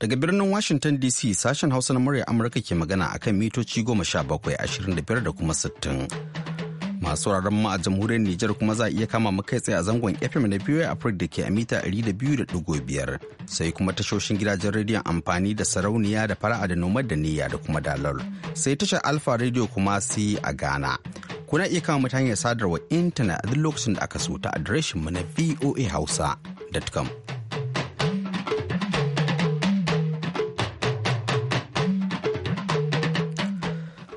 Daga birnin Washington DC sashen Hausa na murya Amurka ke magana akan mitoci goma sha bakwai ashirin da biyar da kuma sittin. Masu wuraren mu a jamhuriyar Nijar kuma za a iya kama mu kai tsaye a zangon FM na biyu a da ke a mita ɗari da biyu da ɗigo biyar. Sai kuma tashoshin gidajen rediyon amfani da sarauniya da fara'a da nomad da niyya da kuma dalol. Sai tashar Alfa Radio kuma si a Ghana. Kuna iya kama mu ta hanyar sadarwa intanet a duk lokacin da aka so ta adireshin mu na voahausa.com.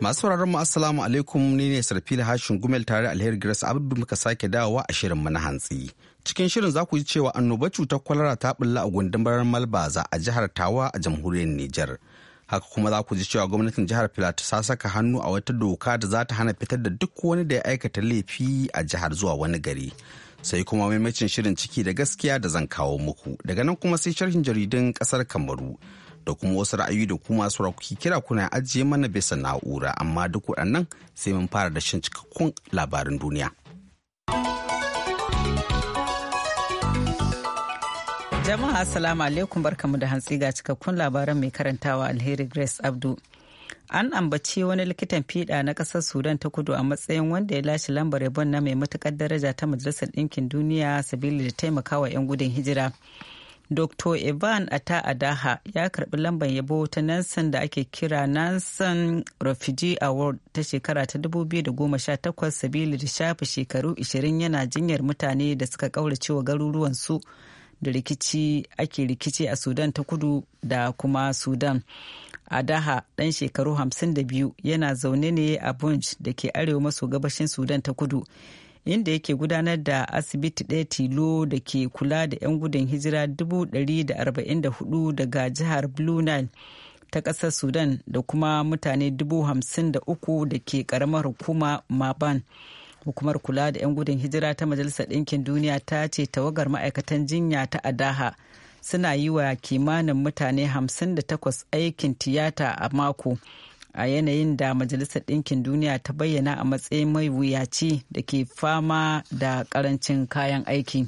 Masu sauraron mu assalamu alaikum ni ne Sarfili Hashin Gumel tare Alheri Grace Abdu muka sake dawowa a shirin mu na hantsi. Cikin shirin za ku ji cewa annoba cutar kwalara ta bulla a gundumar Malbaza a jihar Tawa a jamhuriyar Nijar. Haka kuma za ku ji cewa gwamnatin jihar Filato ta saka hannu a wata doka da za ta hana fitar da duk wani da ya aikata laifi a jihar zuwa wani gari. Sai kuma maimacin shirin ciki da gaskiya da zan kawo muku. Daga nan kuma sai sharhin jaridun ƙasar Kamaru. da kuma wasu ra'ayi da kuma su kuke kira kuna ajiye mana bisa na'ura amma duk waɗannan sai mun fara da shan cikakkun labarin duniya. Jama'a Assalamu alaikum barkamu da hantsi ga cikakkun labaran mai karantawa Alheri Grace Abdu. an ambaci wani likitan fiɗa na ƙasar sudan ta kudu a matsayin wanda ya lashe lambar yabon na mai matuƙar daraja ta majalisar ɗinkin duniya sabili da taimakawa 'yan gudun hijira dr evan ata adaha ya karbi lambar yabo ta nansan da ake kira nansan refugee award ta shekara ta 2018 sabili da shafe shekaru 20 yana jinyar mutane da suka kaurace wa garuruwansu da rikici ake rikici a sudan ta kudu da kuma sudan adaha ɗan shekaru 52 yana zaune ne a bunj da ke arewa maso gabashin sudan ta kudu inda yake gudanar da asibiti ɗaya tilo da ke kula da 'yan gudun hijira 144 daga jihar blue nile ta ƙasar sudan da kuma mutane 53 da ke ƙaramar hukuma maban hukumar kula da 'yan gudun hijira ta majalisar ɗinkin duniya ta ce tawagar ma'aikatan jinya ta adaha suna yi wa kimanin mutane 58 aikin tiyata a mako a yanayin da majalisar ɗinkin duniya ta bayyana a matsayin mai wuyaci da ke fama da karancin kayan aiki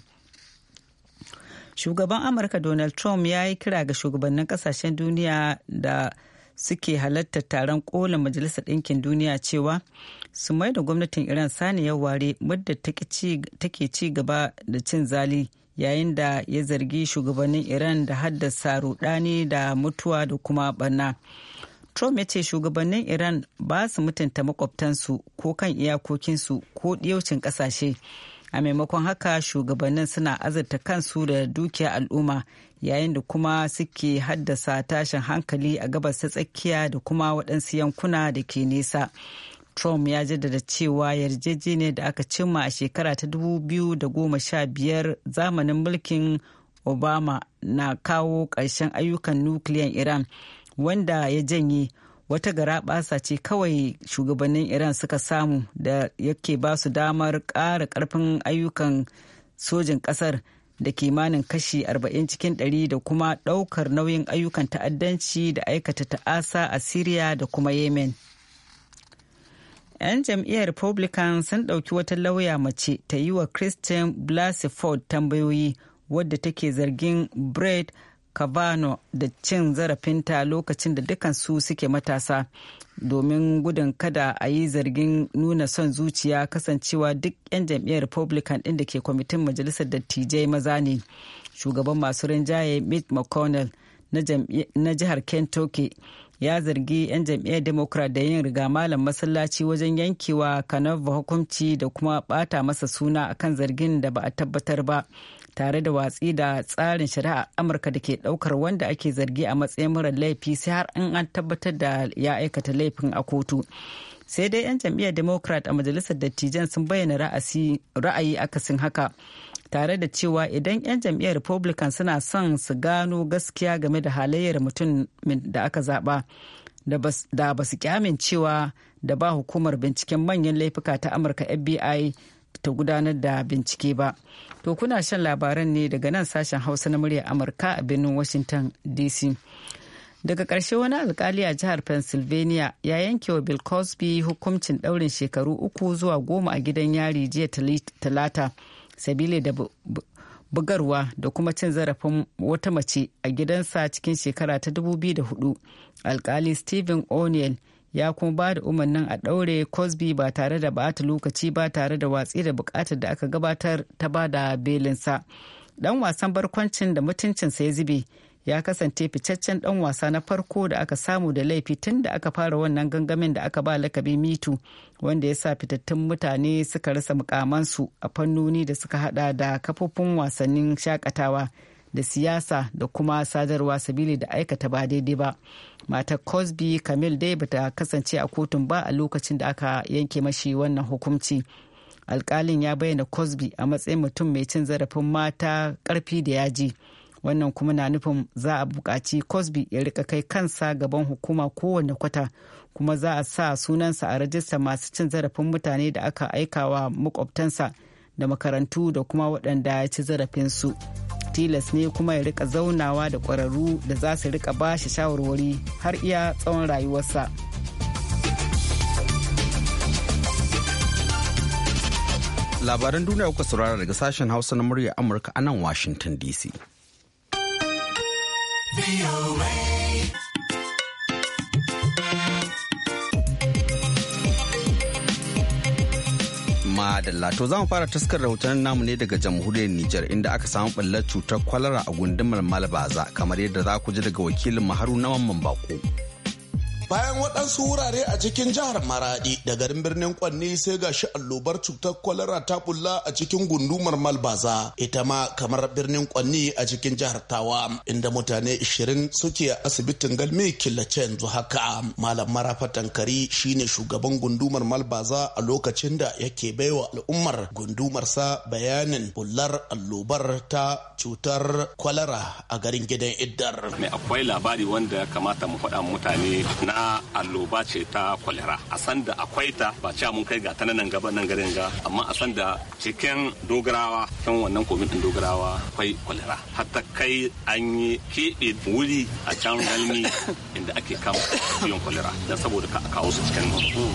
shugaban amurka donald trump ya yi kira ga shugabannin kasashen duniya da suke halartar taron kola majalisar ɗinkin duniya cewa su mai da gwamnatin iran saniyar ware muddin take ci gaba da cin zali yayin da ya zargi shugabannin iran da haddasa rudani da mutuwa da kuma barna. Trump ya ce shugabannin Iran ba su mutunta makwabtansu ko kan iyakokinsu ko ɗiyaucin ƙasashe. A maimakon haka shugabannin suna azurta kansu da dukiya al'umma yayin da kuma suke haddasa tashin hankali a gabas ta tsakiya da kuma waɗansu yankuna da ke nesa. Trump ya jaddada cewa yarjejeniyar da aka cimma a shekara ta 2015 zamanin mulkin Obama na kawo ƙarshen ayyukan nukiliyan Iran. wanda ya janye wata garaɓasa ce kawai shugabannin iran suka samu da yake ba su damar ƙara ƙarfin ayyukan sojin ƙasar da kimanin kashi 40 cikin 100 da kuma ɗaukar nauyin ayyukan ta'addanci da aikata ta'asa a syria da kuma yemen 'yan jam'iyyar republican sun ɗauki wata lauya mace ta yi wa christian blasey ford tambayoyi wadda take zargin brett kavano da cin zarafinta lokacin da dukansu suke matasa domin gudun kada a yi zargin nuna son zuciya kasancewa duk 'yan jam'iyyar republican ɗin da ke kwamitin majalisar dattijai maza ne shugaban masu rinjaye mitt mcconnell na jihar kentucky ya zargi 'yan jam'iyyar democrat da yin riga malam masallaci wajen yankewa kanava hukunci da kuma bata masa suna akan zargin da ba a tabbatar ba tare da watsi da tsarin shari'a amurka da ke daukar wanda ake zargi a matsayin mara laifi sai har in an tabbatar da ya aikata laifin a kotu sai dai 'yan jam'iyyar democrat a majalisar dattijan sun bayyana ra'ayi akasin haka tare da cewa idan 'yan jam'iyyar republican suna son su gano gaskiya game da halayyar mutum da aka zaba da ba su kyamin cewa da ba hukumar binciken manyan laifuka ta amurka fbi ta gudanar da bincike ba to kuna shan labaran ne daga nan sashen hausa na murya amurka a birnin washington dc daga ƙarshe wani alkali a jihar pennsylvania ya yanke wa bill cosby hukuncin ɗaurin shekaru uku zuwa goma a gidan yari jiya talata sabili da bugarwa da kuma cin zarafin wata mace a gidansa cikin shekara ta 2004 alkali stephen o'neill ya kuma ba da umarnin a ɗaure cosby ba tare da bata lokaci ba tare da watsi da bukatar da aka gabatar ta ba da belinsa ɗan wasan barkwancin da mutuncinsa ya zube ya kasance ficaccen ɗan wasa na farko da aka samu da laifi tun da aka fara wannan gangamin da aka ba lakabi mitu wanda ya sa fitattun mutane suka rasa mukamansu a fannoni da suka hada da kafofin wasannin shakatawa da siyasa da kuma sadarwa sabili da aikata ba daidai ba matar cosby camille dai bata kasance a kotun ba a lokacin da aka yanke mashi wannan hukunci alkalin ya bayyana cosby a matsayin mutum mai cin zarafin mata karfi da yaji wannan kuma na nufin za a buƙaci cosby ya rika kai kansa gaban hukuma kowane kwata kuma za a sa sunansa a rajista masu cin zarafin mutane da aka aikawa makwabtansa da makarantu da kuma waɗanda ya ci zarafinsu. su tilas ne kuma ya rika zaunawa da kwararru da za su rika ba shi shawarwari har iya tsawon rayuwarsa. Labaran duniya kuka saurara daga sashen Hausa na murya Amurka a nan Washington DC. Madalla to za mu fara taskar rahoton namu ne daga jamhuriyar Nijar inda aka samu ɓallar cutar kwalara a gundumar Malbaza kamar yadda za ku ji daga wakilin na Mamman Bako. bayan waɗansu wurare a cikin jihar maradi da garin birnin kwanni sai ga shi allobar cutar kwalara ta bulla a cikin gundumar malbaza ita ma kamar birnin kwanni a cikin jihar tawa inda mutane 20 suke asibitin galmi killace yanzu haka malam marafa tankari shine shugaban gundumar malbaza a lokacin da yake baiwa al'ummar gundumarsa bayanin bullar allobar ta cutar kwalara a garin gidan iddar akwai labari wanda ya kamata mu faɗa mutane na faɗa alloba ce ta kwalera a san da akwai ta ba ce mun kai ga ta nan gaba nan garin ga amma a san da cikin dogarawa kan wannan din dogarawa akwai kwalera hatta kai an yi keɓe wuri a can galmi inda ake kama ciwon kwalera don saboda ka kawo su cikin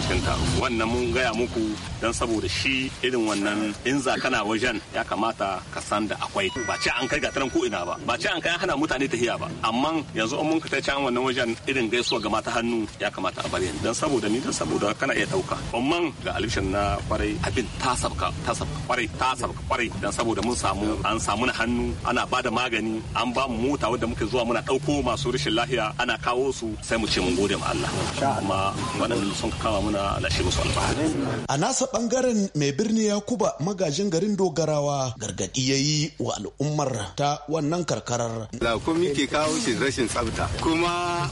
cikin taro wannan mun gaya muku don saboda shi irin wannan in za kana wajen ya kamata ka san da akwai ba ce an kai ga ta nan ko ina ba ba ce an kai hana mutane tafiya ba amma yanzu an mun ka ta can wannan wajen irin gaisuwa ga mata hannu hannu ya kamata a bari dan saboda ni dan saboda kana iya dauka amma ga alishin na kwarai abin ta sabka ta sabka kwarai ta sabka kwarai dan saboda mun samu an samu na hannu ana bada magani an ba mu mota wanda muke zuwa muna dauko masu rashin lafiya ana kawo su sai mu ce mun gode ma Allah kuma wannan sun kama muna lashe musu alfahari a nasa bangaren mai birni Yakuba magajin garin Dogarawa gargadi yayi wa al'ummar ta wannan karkarar da kuma ke kawo shi rashin tsafta kuma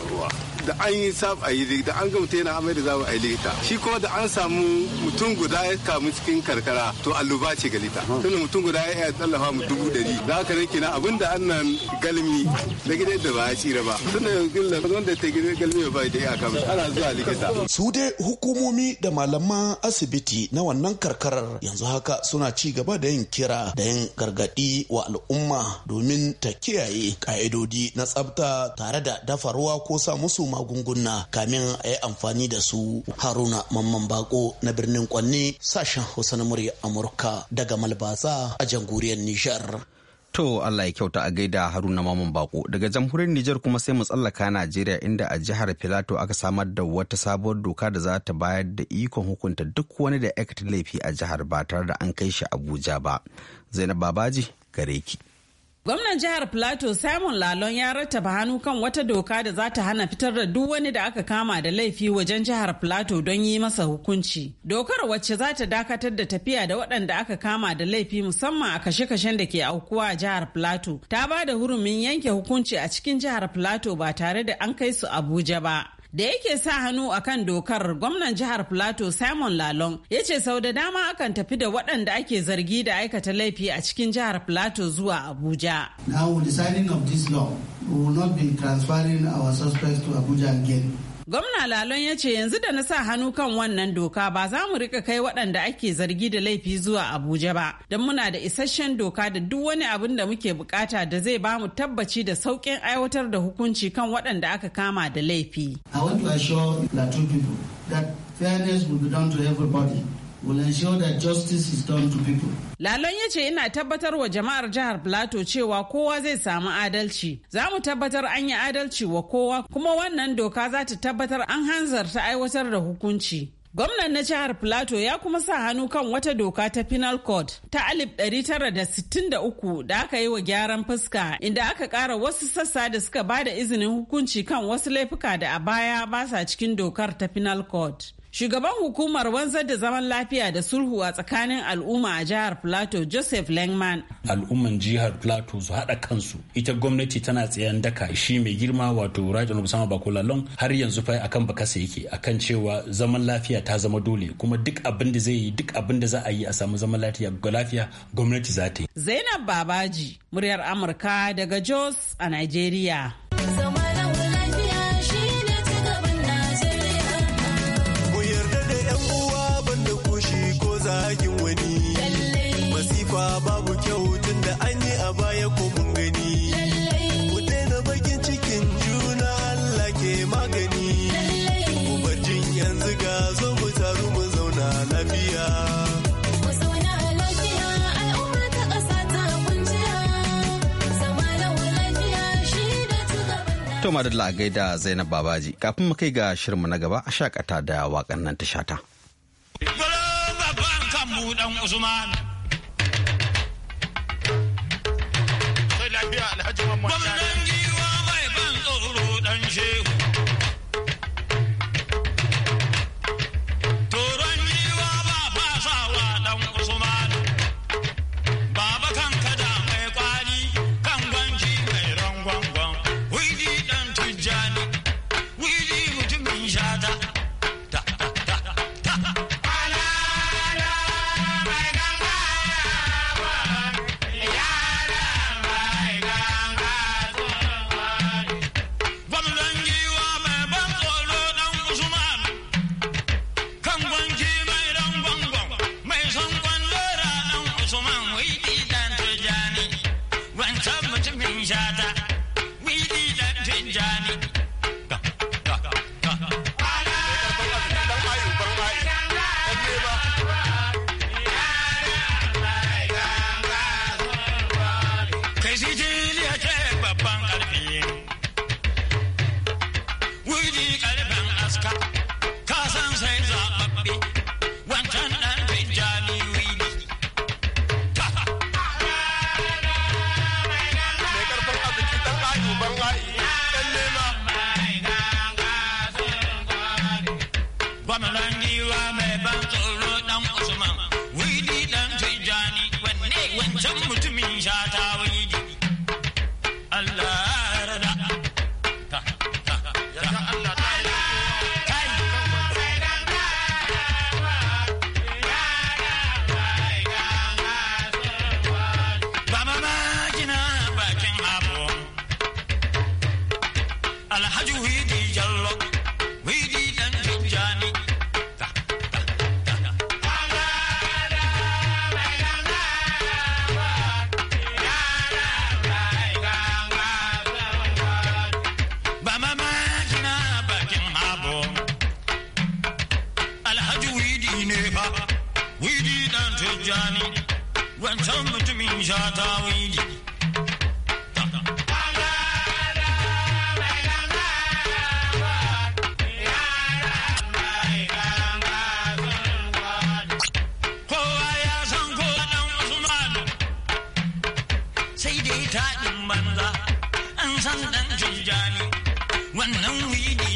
da an yi za a yi da an gama yana amai da za a yi likita shi kuma da an samu mutum guda ya kamu cikin karkara to alluba ce ga likita tunda mutum guda ya iya tallafa mu dubu dari za ka rike na abin da annan galmi da gidan da ba ya tsira ba tunda gilla wanda ta gidan galmi ba da iya kamu ana zuwa likita su dai hukumomi da malaman asibiti na wannan karkarar yanzu haka suna ci gaba da yin kira da yin gargadi wa al'umma domin ta kiyaye ka'idodi na tsafta tare da dafa ruwa ko sa musu magunguna kamin a yi amfani da su haruna mamman bako na birnin kwanne sashen hausa na murya amurka daga malbasa a jamhuriyar nijar To Allah ya kyauta a gaida Haruna Maman Bako. Daga jamhuriyar Nijar kuma sai mu tsallaka Najeriya inda a jihar Filato aka samar da wata sabuwar doka da za ta bayar da ikon hukunta duk wani da aikata laifi a jihar ba tare da an kai shi Abuja ba. Zainab Babaji gare ki. Gwamnan jihar Plateau Simon Lalon ya rattaba hannu kan wata doka da za ta hana fitar da duk wani da aka kama da laifi wajen jihar Plateau don yi masa hukunci. Dokar wacce za ta dakatar da tafiya da waɗanda aka kama da laifi musamman a kashe-kashen da ke aukuwa a jihar Plateau ta ba da hurumin yanke hukunci a cikin jihar Plateau ba tare da an kai su Abuja ba. da yake sa hannu akan dokar gwamnan jihar Plateau Simon lalon ya ce sau da dama akan tafi da waɗanda ake zargi da aikata laifi a cikin jihar Plateau zuwa Abuja. Now with the signing of this law, we will not be transferring our suspects to Abuja again. Gwamna Lalon ya ce yanzu da na sa hannu kan wannan doka ba za mu rika kai waɗanda ake zargi da laifi zuwa Abuja ba, don muna da isasshen doka da duk wani abin da muke bukata da zai ba mu tabbaci da sauƙin aiwatar da hukunci kan waɗanda aka kama da laifi. I want to assure the two people that fairness will be done to everybody. will ensure that justice is done to people. Lalon ya ce ina tabbatar wa jama'ar jihar Plateau cewa kowa zai samu adalci. Za mu tabbatar an yi adalci wa kowa kuma wannan doka za ta tabbatar an hanzarta aiwatar da hukunci. Gwamnan na jihar Plateau ya kuma sa hannu kan wata doka ta Penal Code ta 1963 da aka yi wa gyaran fuska inda aka ƙara wasu sassa da suka bada izinin hukunci kan wasu laifuka da a baya ba sa cikin dokar ta Penal Code. Shugaban hukumar wanzar da zaman lafiya da sulhu a tsakanin al'umma a jihar Plateau Joseph Langman. Al'umman jihar Plateau su haɗa kansu. Ita gwamnati tana tsayen daka shi mai girma wato Rajan Obisama Bakolalon har yanzu fa akan bakasa yake akan cewa zaman lafiya ta zama dole kuma duk abin da zai yi duk abin da za a yi a samu zaman lafiya ga lafiya gwamnati za ta yi. Zainab Babaji, muryar Amurka daga Jos a Nigeria. ma babu kyau tun da an yi a baya ko mun gani ku daina bakin cikin juna Allah ke magani ku jin yanzu zo mu taru mu zauna lafiya To madalla a gaida Zainab Babaji kafin mu kai ga shirinmu na gaba a shakata da waƙannan nan ta shata. Bala kan Usman. alhaji mamman gwamnan giwa mai ban tsoro dan shehu san dan jinjani wannan wili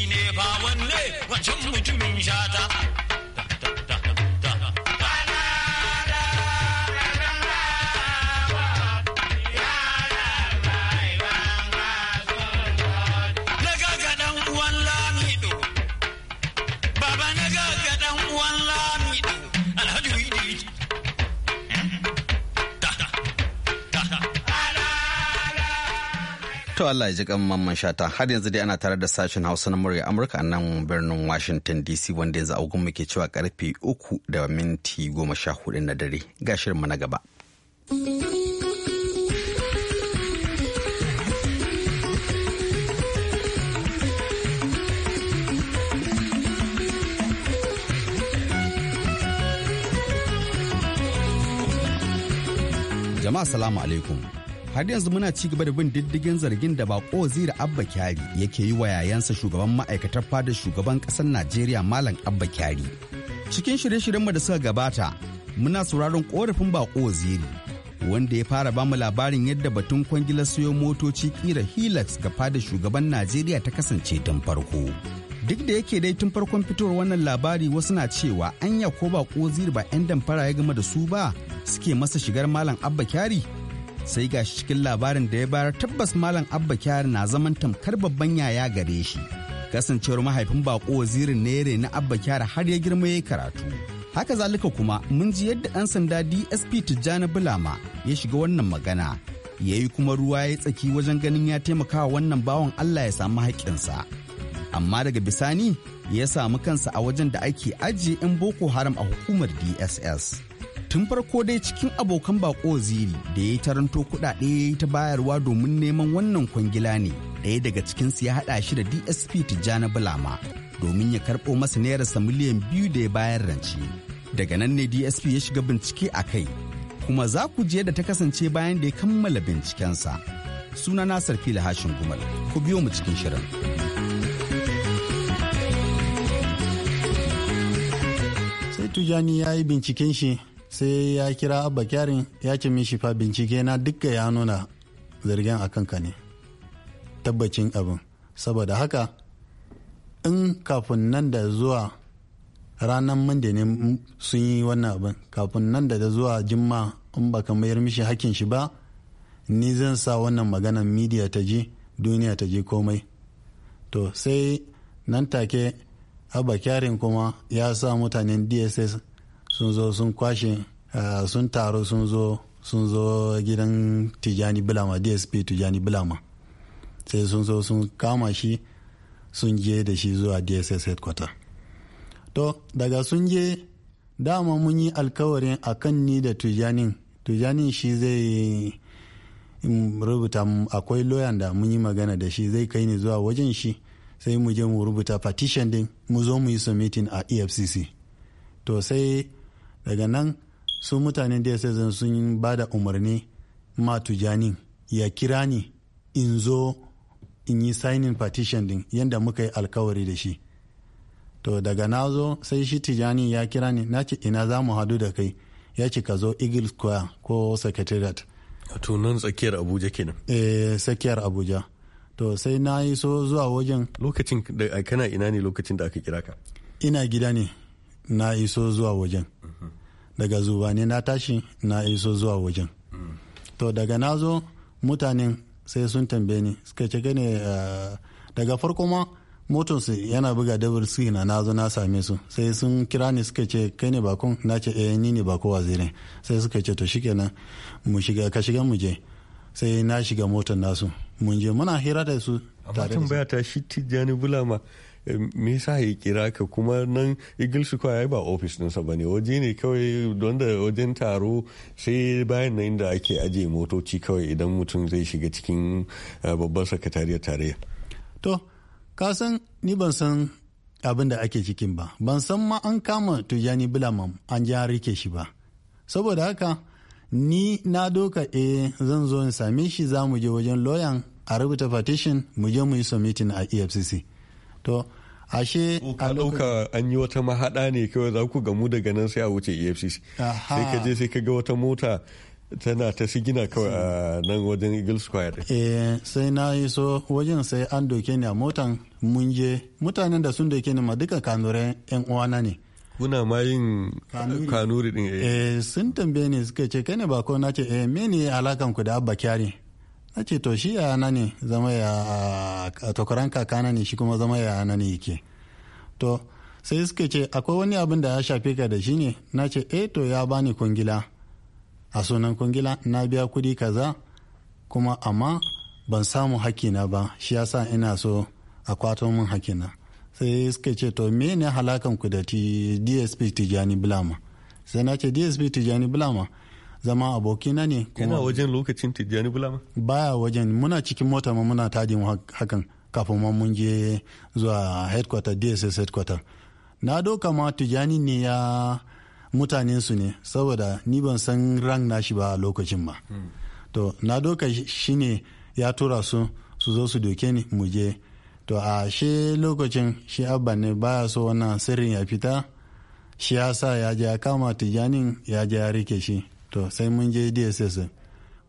To Allah ya ji kan mamman shata har yanzu dai ana tare da sashen Hausa na murya Amurka a nan birnin Washington DC wanda yanzu agun muke cewa karfe uku da minti goma sha hudu na dare ga shirinmu na gaba. Jama'a salamu alaikum. har yanzu muna ci gaba da bin diddigin zargin da bako zira abba kyari yake yi wa yayansa shugaban ma'aikatar fadar shugaban kasar najeriya malam abba kyari cikin shirye-shiryenmu da suka gabata muna sauraron korafin bako ziri wanda ya fara bamu labarin yadda batun kwangilar siyo motoci kira hilux ga fadar shugaban najeriya ta kasance tun farko duk da yake dai tun farkon fitowar wannan labari wasu na cewa anya ko bako ziri ba 'yan damfara ya game da su ba suke masa shigar malam abba kyari sai ga shi cikin labarin da ya bayar tabbas malam abba kyari na zaman tamkar babban yaya gare shi kasancewar mahaifin bako wazirin nere na abba kyari har ya girma ya karatu haka zalika kuma mun ji yadda ɗan sanda dsp tijjani bulama ya shiga wannan magana ya yi kuma ruwa ya tsaki wajen ganin ya taimaka wannan bawan Allah ya samu haƙƙinsa. Amma daga bisani ya samu kansa a wajen da ake ajiye 'yan Boko Haram a hukumar DSS. tun farko dai cikin abokan bako ziri da ya taranto kudade ta bayarwa domin neman wannan kwangila ne daya daga cikinsu ya hada shi da dsp tijjani bulama domin ya karɓo masa sa miliyan biyu da ya bayar rance daga nan ne dsp ya shiga bincike a kai kuma za ku je da ta kasance bayan da ya kammala bincikensa suna nasar fili hashin gumal ku biyo mu cikin shirin sai tijjani ya yi binciken shi sai ya kira abba kyarin ya ce mishi fa bincike na dukka ya nuna zargin a kanka ne tabbacin abin saboda haka in kafin nan da zuwa ranar mande ne sun yi wannan abin kafin nan da zuwa jimma in baka mayar mishi hakin shi ba ni zan sa wannan maganan midiya ta ji duniya ta ji komai to sai nan take abba kyarin kuma ya sa mutanen dss sun zo sun kwashe eh, sun taro sun zo sun zo gidan tijani bulama dsp tijani bulama sai sun zo sun kama shi sun je da shi zuwa dss headquarter to daga sun je dama mun yi alkawarin a kan ni da tijani tijani shi zai mm, rubuta akwai loyan da mun yi magana da shi zai kai ni zuwa wajen shi sai mu je mu rubuta partition din mu zo mu yi submitting a efcc to sai daga nan su mutanen dss sun ba da umarni ma tujani ya kira ni in zo in yi signing partition din yadda muka yi alkawari da shi to daga na zo sai shi tijani ya kira ni na ce ina za mu hadu da kai ya ce ka zo eagle square ko secretariat to nan tsakiyar abuja kenan eh tsakiyar abuja to sai na yi so zuwa wajen lokacin da kana ina ne lokacin da aka kira ka ina gida ne na iso zuwa wajen daga zubani na tashi na iso zuwa wajen to daga nazo zo mutanen sai sun tambaye ni suka ce gane eh, daga farko ma su yana buga dabar su na na na same su sai sun kira ni suka ce kai ne bakon na ce eh ni ne bako wazire sai suka ce to shikenan mu shiga ka shiga mu je sai na shiga motar nasu mun je muna hira da su amma baya ta shi tijjani bulama Eh, me yasa ya kira ka kuma nan eagle square ya ba ofis ɗinsa ba ne waje ne kawai don da wajen taro sai bayan nan da ake ajiye motoci kawai idan mutum zai shiga cikin eh, babban sakatariyar tarayya to ka ni ban san abin da ake cikin ba ban san ma an kama tujani bilamam an ja rike shi ba saboda haka ni na doka e zan zo in same shi za mu je wajen loyan a rubuta partition mu je mu yi submitting a efcc to ashe a ɗauka an yi wata mahaɗa ne kawai za ku gamu daga nan sai a wuce efcc sai ka je sai ka ga wata mota tana ta sigina kawai a nan wajen eagle square eh, sai na yi so wajen sai an doke ni a motan mun je mutanen da sun doke ni ma duka kanure yan uwana ne kuna ma yin kanuri din eh. eh sun tambaye ne suka ce kai ne ba ko na ce eh me ne alakan ku da abba kyari na ce to shi yana ne zama ya a tokaran kakana ne shi kuma zama ya yana ne yake to sai suka ce akwai wani abin da ya shafe ka da shi ne na ce eh to ya bani kungila a sunan kungila na biya kudi kaza kuma amma ban samu hakina ba shi ya sa ina so a kwato min hakina sai suka ce to me ne halakan ku da dsp tijani bulama sai na ce dsp tijani bulama zama abokina ne yana wajen lokacin tijjani bulama baya wajen muna cikin mota ma muna tajin hakan kafin ma mun je zuwa headquarter dss headquarter na doka ma tijjani ne ya mutanen su ne saboda ni ban san rang nashi ba a lokacin ba hmm. to na doka shi ne ya tura su su zo su doke ni mu je to a shi lokacin shi abba ne baya so wannan sirrin ya fita shi ya sa ya je ya kama tijjanin ya je ya rike shi to sai mun je dss din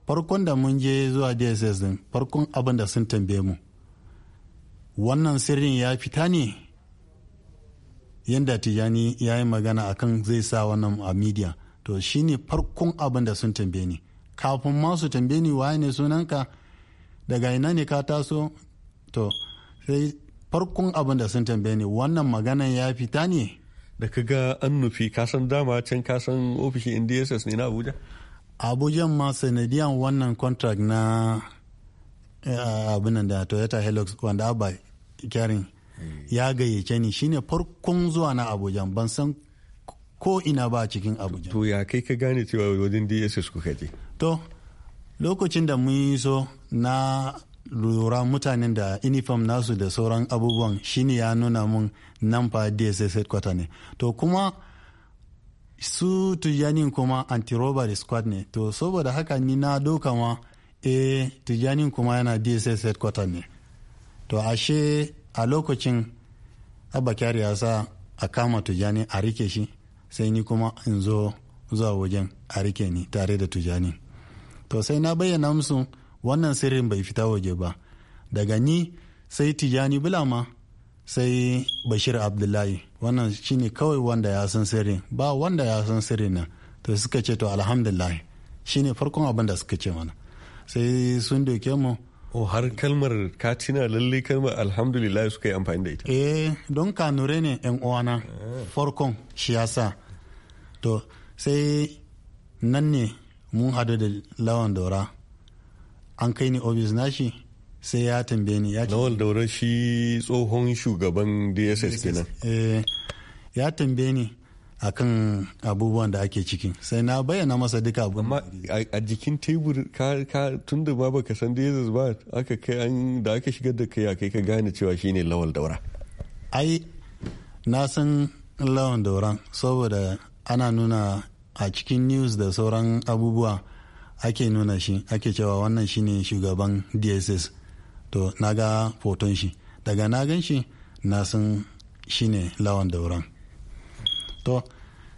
farkon da mun je zuwa dss din farkon abin da sun tambaye mu wannan sirrin ya fita ne yadda tijani ya yi magana akan zai sa wannan a media to shine farkon abin da sun tambaye ni kafin ma su tambaye ni waye ne sunanka daga ina ne ka taso to sai farkon abin da sun tambaye ni wannan magana ya fita ne da ka ga an nufi kasan dama can kasan ofishin dss ne na abuja abuja ma sanadiyan wannan contract na eh, abinan da toyota helix wanda abba kyarin ya gayyace ni shine farkon zuwa na abuja ban san ko ina ba cikin abuja to ya kai ka gane cewa wajen dss kuka je to lokacin da mun yi so na lura mutanen da uniform nasu da sauran abubuwan shine ya nuna mun nan fa dss headquarter ne to kuma su tujani kuma anti-robbery squad ne to saboda haka ni na doka ma e eh, tujani kuma yana dss headquarter ne to ashe a lokacin abba ya sa a kama tujani a rike shi sai ni kuma in zo zuwa wajen a rike ni tare da tujani to sai na bayyana musu wannan sirrin bai fita waje ba daga ni sai tijani bulama sai bashir abdullahi wannan shine kawai wanda ya san sirrin ba wanda ya san sirrin nan to suka ce to alhamdulillah shine farkon abin da suka ce mana sai sun doke mu Oh, har kalmar katina lalle kalmar alhamdulillah suka yi amfani da ita. Eh, don kanure ne yan uwana ah. farkon shi yasa. To, sai nan ne mun hadu da lawan dora an kai ni ofis nashi sai ya tambaye ni ya ce lawal daura shi tsohon shugaban dss kenan eh, ya tambaye ni akan abubuwan da ake ciki sai na bayyana masa duka abu amma a jikin tebur ka tun da babu ka san dss ba aka kai an da aka shigar da kai kai ka gane cewa shine lawal daura ai na san lawan daura saboda ana nuna a cikin news da sauran abubuwa ake nuna shi ake cewa wannan shine shugaban dss to na ga foton shi daga na gan shi na san ne lawan dauran to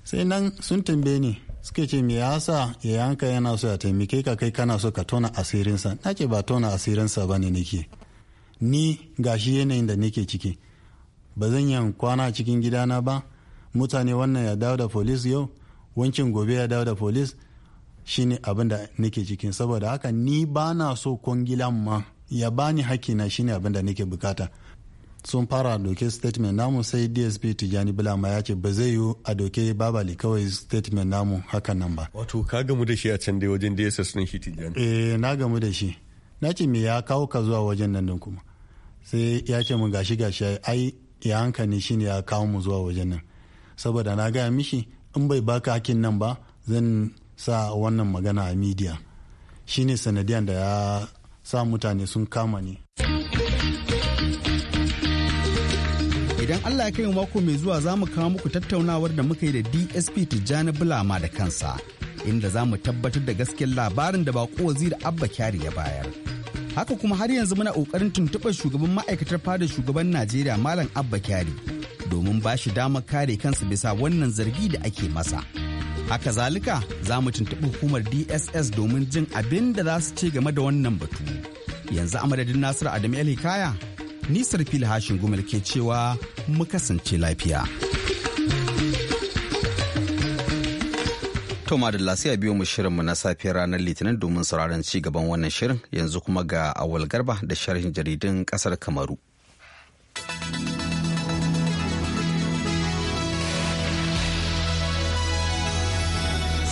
sai nan sun tambaye ni suke ce me yasa ya yanka yana so ya taimake ka kai kana so ka tona asirinsa na ce ba tona asirinsa ba ne nake ni ga shi yanayin da nake ciki ba zan yi kwana cikin gidana ba mutane wannan ya dawo da polis yau wankin gobe ya dawo da polis shine abin da nake cikin saboda haka ni ba na so kwangilan ma ya bani hakina shine abin da nake bukata sun fara doke statement namu sai dsp tijani bilama ya ce ba zai yi a doke babali kawai statement namu hakan nan ba wato ka gamu da shi a can dai wajen dss din shi tijani eh na gamu da shi na ce me ya kawo ka zuwa wajen nan din kuma sai ya ce mu gashi gashi ai ya hankali shine ya kawo mu zuwa wajen nan saboda na gaya mishi in bai baka hakin nan ba zan sa wannan magana a midiya shine sanadiyan da ya sa mutane sun kama ne idan allah ya kai mako mai zuwa za mu kawo muku tattaunawar da muka yi da dsp tijjani bulama da kansa inda za mu tabbatar da gasken labarin da bako wazir abba kyari ya bayar haka kuma har yanzu muna kokarin tuntuɓar shugaban ma'aikatar fadar shugaban najeriya malam abba kyari domin ba shi damar kare kansa bisa wannan zargi da ake masa Haka zalika za mu tuntuɓi hukumar DSS domin jin abin da za su ce game da wannan batu. Yanzu amadadin Nasiru Adamu El Hikaya, Nisar Fil Hashin Gumel ke cewa mu kasance lafiya. Toma da a biyo mu shirinmu na safiyar ranar Litinin domin sauraron ci gaban wannan shirin yanzu kuma ga Awal Garba da sharhin jaridun ƙasar Kamaru.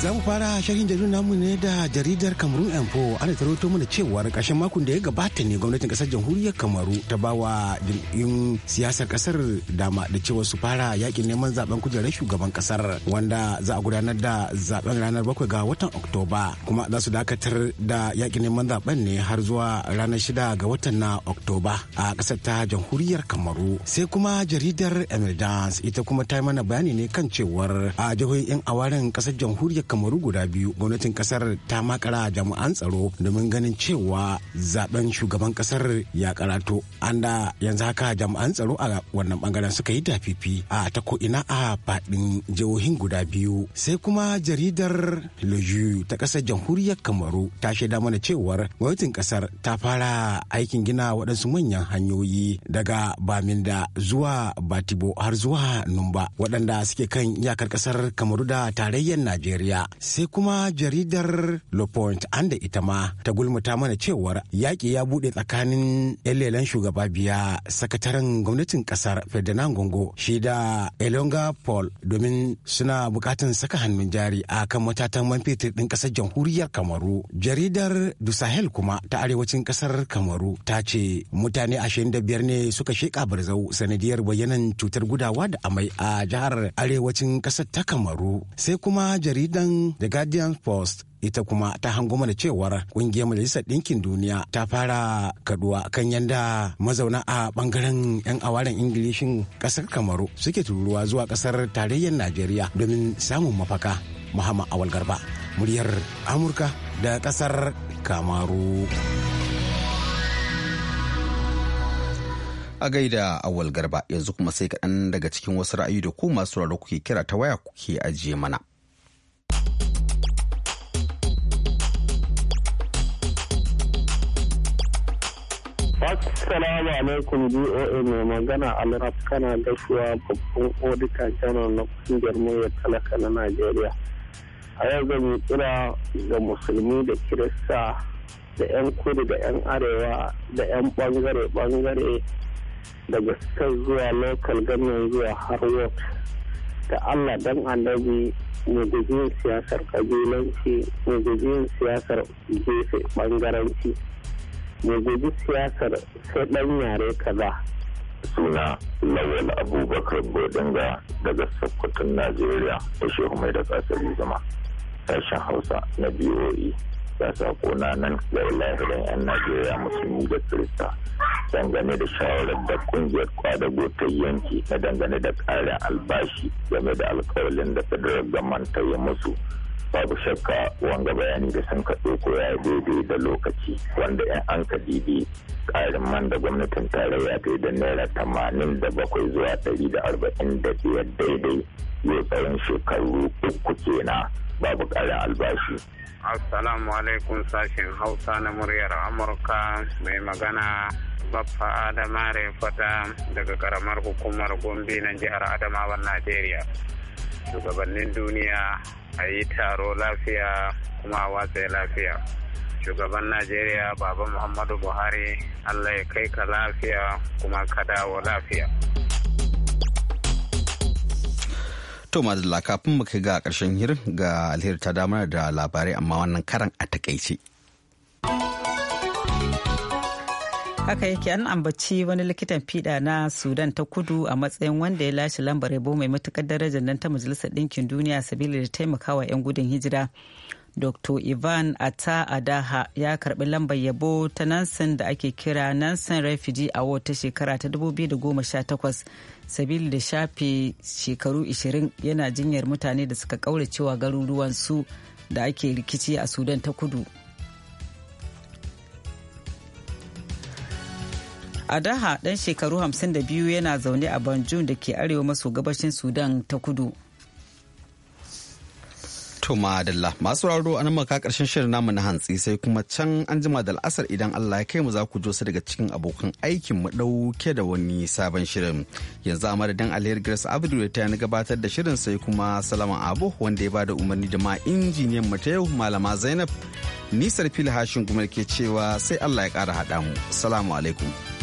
Za mu fara shirin jaridar namu ne da jaridar m empo ana taroto mana cewar ƙarshen makon da ya gabata ne gwamnatin ƙasar jamhuriyar Kamaru ta ba wa jam'iyyun siyasar ƙasar dama da cewa su fara yakin neman zaben kujerar shugaban kasar wanda za a gudanar da zaben ranar bakwai ga watan Oktoba kuma za su dakatar da yakin neman zaben ne har zuwa ranar shida ga watan na Oktoba a ƙasar ta jamhuriyar Kamaru sai kuma jaridar Emirates ita kuma ta yi mana bayani ne kan cewar a jihohin 'yan awarin ƙasar jamhuriyar kamaru guda biyu gwamnatin kasar ta makara jami'an tsaro domin ganin cewa zaben shugaban kasar ya karato an da yanzu haka jami'an tsaro a wannan bangaren suka yi tafifi a ta ko'ina a fadin jihohin guda biyu sai kuma jaridar leju ta ƙasar jamhuriyar kamaru ta shaida mana cewar gwamnatin ƙasar ta fara aikin gina waɗansu manyan hanyoyi daga baminda zuwa batibo har zuwa numba waɗanda suke kan iyakar ƙasar kamaru da tarayyar najeriya Sai kuma jaridar Le Point anda ita ma ta gulmuta mana cewar yaƙi ya buɗe tsakanin 'yan shugaba biya sakataren gwamnatin ƙasar Ferdinand Gongo shi da Elonga Paul domin suna buƙatar saka hannun jari a kan matatan man fetur ɗin ƙasar jamhuriyar Kamaru. Jaridar Du Sahel kuma ta arewacin ƙasar Kamaru ta ce mutane ashirin 25 ne suka sheƙa barzau sanadiyar bayanan cutar gudawa da amai a jihar arewacin ƙasar ta Kamaru. Sai kuma jaridan nan the guardian post ita kuma ta hango mana cewar kungiyar majalisar ɗinkin duniya ta fara kaduwa kan yadda mazauna a bangaren 'yan awaren ingilishin ƙasar kamaru suke tururuwa zuwa ƙasar tarayyar najeriya domin samun mafaka muhammad awal garba muryar amurka da ƙasar kamaru a gaida awal garba yanzu kuma sai kaɗan daga cikin wasu ra'ayi da ku masu kuke kira ta waya kuke ajiye mana Assalamu alaikum BOA mai magana Alraf kana gashuwa babban odita janar na kungiyar murya talaka na Najeriya. A yau zan yi kira ga musulmi da kirista da 'yan kudu da 'yan arewa da 'yan bangare-bangare daga state zuwa local gamin zuwa har da Allah dan annabi mu guji siyasar kabilanci mu guji siyasar gefe bangaranci. mu guji siyasar sai ɗan yare kaza. suna lawal abubakar bodinga daga sokoton najeriya da shehu mai da kasar zama sashen hausa na boe ya sako na nan ga lahirin 'yan najeriya musulmi da kirista dangane da shawarar da kungiyar kwadago ta yanki na dangane da karin albashi game da alkawalin da federal gaman ta yi musu babu shakka wanga bayani da sun ka ko ya daidai da lokaci wanda yan an ka didi ƙarin man da gwamnatin tarayya ta yi da naira tamanin da bakwai zuwa ɗari da arba'in da biyar daidai yau tsawon shekaru uku kenan babu ƙarin albashi. Assalamu alaikum sashen Hausa na muryar Amurka mai magana Baffa adama Fata daga karamar hukumar Gombe na jihar Adamawa Najeriya. Shugabannin duniya a yi taro lafiya kuma a watsa lafiya shugaban najeriya baba muhammadu buhari allah ya kai ka lafiya kuma ka dawo lafiya to madalla kafin mu kai ga karshen hirin ga alheri ta damar da labarai amma wannan karan a takaice haka yake an ambaci wani likitan fiɗa na sudan ta kudu a matsayin wanda ya lashe lambar yabo mai matukar darajar nan ta majalisar ɗinkin duniya sabili da taimakawa 'yan gudun hijira dr ivan ata adaha ya karbi lambar yabo ta nansen da ake kira nansen refugee award ta shekara ta 2018 sabili da shafe shekaru 20 yana jinyar mutane da suka garuruwan su da ake rikici a sudan ta kudu a Adaha dan shekaru 52 yana zaune a Banjul da ke arewa maso gabashin Sudan ta kudu. To masu raro a maka karshen shirin namu na hantsi sai kuma can an jima da al'asar idan Allah ya kai mu za ku jo su daga cikin abokan aikin mu ɗauke da wani sabon shirin. Yanzu a madadin Aliyar Grace Abdul ta na gabatar da shirin sai kuma Salama Abu wanda ya bada umarni da ma injiniyan mu ta yau Malama Zainab. Nisar fili hashin gumar ke cewa sai Allah ya kara haɗa mu. Salamu alaikum.